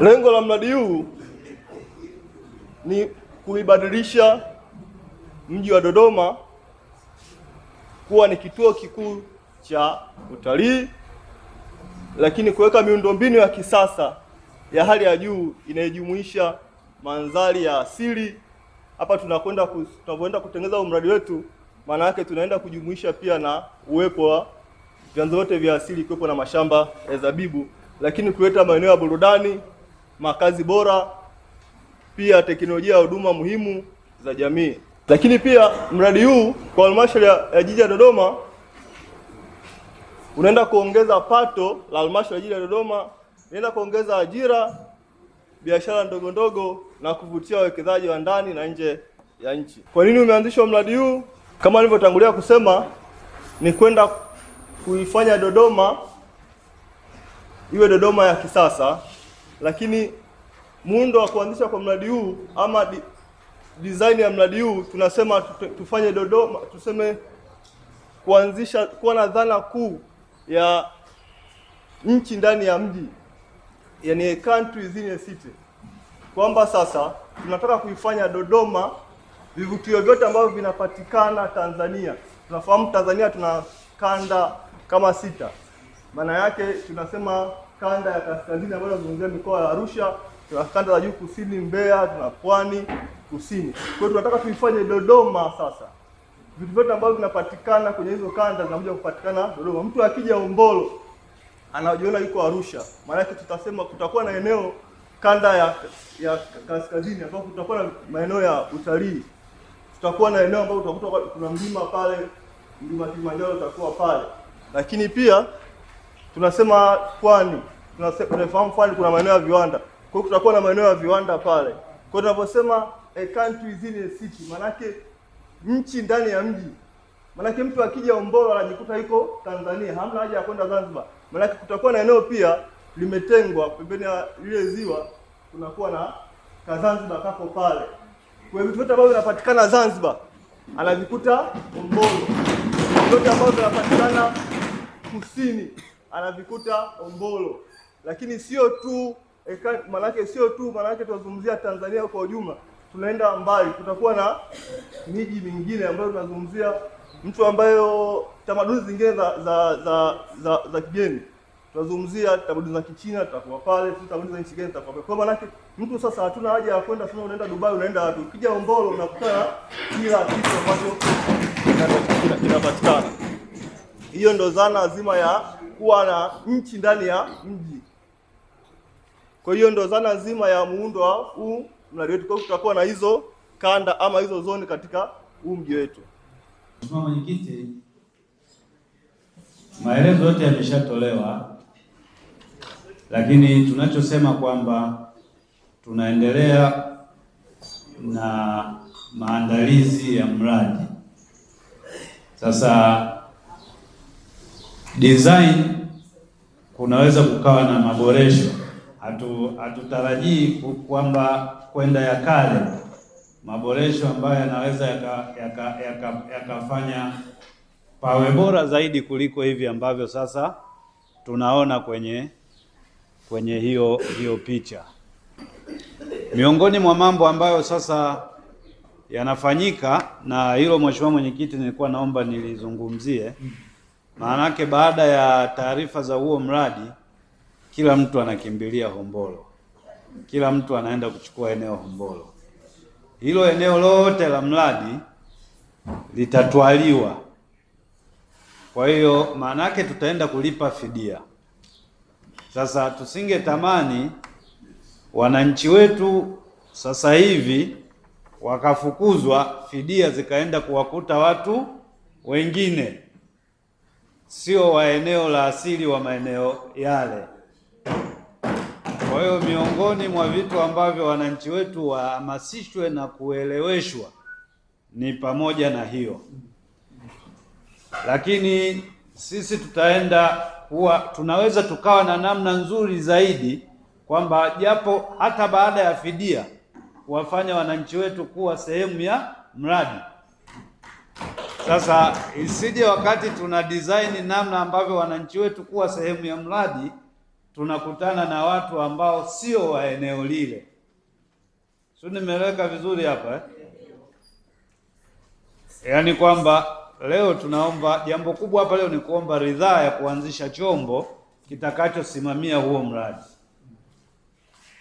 Lengo la mradi huu ni kuibadilisha mji wa Dodoma kuwa ni kituo kikuu cha utalii, lakini kuweka miundombinu ya kisasa ya hali ya juu inayojumuisha mandhari ya asili. Hapa tunakwenda tunapoenda kutengeneza mradi wetu, maana yake tunaenda kujumuisha pia na uwepo wa vyanzo vyote vya asili, ikiwepo na mashamba ya zabibu lakini kuleta maeneo ya burudani, makazi bora, pia teknolojia ya huduma muhimu za jamii. Lakini pia mradi huu kwa halmashauri ya jiji la Dodoma unaenda kuongeza pato la halmashauri ya jiji la Dodoma, unaenda kuongeza ajira, biashara ndogo ndogo na kuvutia wawekezaji wa ndani na nje ya nchi. Kwa nini umeanzishwa mradi huu? Kama nilivyotangulia kusema, ni kwenda kuifanya Dodoma iwe Dodoma ya kisasa, lakini muundo wa kuanzisha kwa mradi huu ama di, design ya mradi huu tunasema tufanye Dodoma, tuseme kuanzisha kuwa na dhana kuu ya nchi ndani ya mji, yani a country within a city, kwamba sasa tunataka kuifanya Dodoma vivutio vyote ambavyo vinapatikana Tanzania. Tunafahamu Tanzania tuna kanda kama sita. Maana yake tunasema kanda ya kaskazini ambayo inazungumzia mikoa ya Arusha, tuna kanda za juu kusini, Mbeya, tuna pwani kusini. Kwa hiyo tunataka tuifanye Dodoma sasa. Vitu vyote ambavyo vinapatikana kwenye hizo kanda zinakuja kupatikana Dodoma. Mtu akija Ombolo anajiona yuko Arusha, maana yake tutasema kutakuwa na eneo kanda ya, ya kaskazini ambapo kutakuwa na maeneo ya utalii. Tutakuwa na eneo ambapo utakuta kuna mlima pale, mlima Kilimanjaro utakuwa pale, lakini pia tunasema Pwani, tunafahamu Pwani kuna maeneo ya viwanda, kwa hiyo tutakuwa na maeneo ya viwanda pale. Kwa hiyo tunaposema a eh, country in a city, maanake nchi ndani ya mji. Maanake mtu akija Hombolo anajikuta yuko Tanzania, hamna haja ya kwenda Zanzibar, maanake kutakuwa na eneo pia limetengwa pembeni ya lile ziwa, kunakuwa na kazanzibar kako pale. Kwa hiyo vitu vyote ambavyo vinapatikana Zanzibar anavikuta Hombolo, vyote ambavyo vinapatikana kusini anavikuta Ombolo, lakini sio tu maanake sio tu maanake tunazungumzia Tanzania kwa ujumla, tunaenda mbali, tutakuwa na miji mingine ambayo tunazungumzia mtu ambayo tamaduni zingine za za za za, za kigeni tunazungumzia tamaduni za Kichina, tutakuwa pale tu, tamaduni za nchi gani tutakuwa pale. Kwa maana mtu sasa, hatuna haja ya kwenda sema unaenda Dubai, unaenda wapi? Ukija Ombolo unakutana kila kitu ambacho kinapatikana. Hiyo ndo dhana nzima ya kuwa na nchi ndani ya mji. Kwa hiyo ndo dhana nzima ya muundo wa huu mradi wetu, kwa tutakuwa na hizo kanda ama hizo zoni katika huu mji wetu. Mheshimiwa Mwenyekiti, maelezo yote yameshatolewa, lakini tunachosema kwamba tunaendelea na maandalizi ya mradi sasa Design kunaweza kukawa na maboresho, hatutarajii hatu kwamba kwenda ya kale, maboresho ambayo yanaweza yakafanya yaka, yaka, yaka pawe bora zaidi kuliko hivi ambavyo sasa tunaona kwenye kwenye hiyo hiyo picha. Miongoni mwa mambo ambayo sasa yanafanyika, na hilo Mheshimiwa Mwenyekiti, nilikuwa naomba nilizungumzie. Maanake baada ya taarifa za huo mradi, kila mtu anakimbilia Hombolo, kila mtu anaenda kuchukua eneo Hombolo. Hilo eneo lote la mradi litatwaliwa. Kwa hiyo maanake tutaenda kulipa fidia. Sasa tusinge tamani wananchi wetu sasa hivi wakafukuzwa, fidia zikaenda kuwakuta watu wengine sio wa eneo la asili wa maeneo yale. Kwa hiyo miongoni mwa vitu ambavyo wananchi wetu wahamasishwe na kueleweshwa ni pamoja na hiyo, lakini sisi tutaenda kuwa tunaweza tukawa na namna nzuri zaidi kwamba japo hata baada ya fidia kuwafanya wananchi wetu kuwa sehemu ya mradi. Sasa isije wakati tuna design namna ambavyo wananchi wetu kuwa sehemu ya mradi tunakutana na watu ambao sio wa eneo lile. Sio, nimeweka vizuri hapa eh? Yaani kwamba leo tunaomba jambo kubwa hapa leo ni kuomba ridhaa ya kuanzisha chombo kitakachosimamia huo mradi.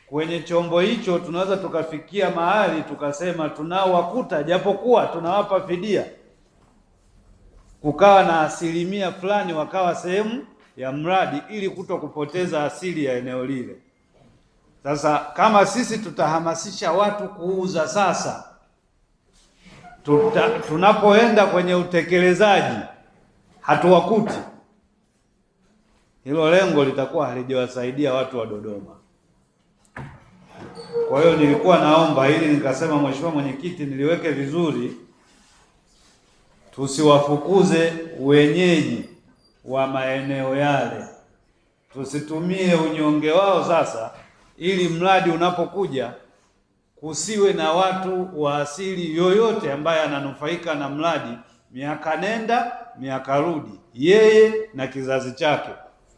Kwenye chombo hicho tunaweza tukafikia mahali tukasema tunawakuta, japokuwa tunawapa fidia kukawa na asilimia fulani wakawa sehemu ya mradi ili kuto kupoteza asili ya eneo lile. Sasa kama sisi tutahamasisha watu kuuza sasa, tuta, tunapoenda kwenye utekelezaji hatuwakuti, hilo lengo litakuwa halijawasaidia watu wa Dodoma. Kwa hiyo nilikuwa naomba ili nikasema, Mheshimiwa Mwenyekiti, niliweke vizuri tusiwafukuze wenyeji wa maeneo yale, tusitumie unyonge wao sasa, ili mradi unapokuja kusiwe na watu wa asili yoyote ambaye ananufaika na mradi, miaka nenda miaka rudi, yeye na kizazi chake.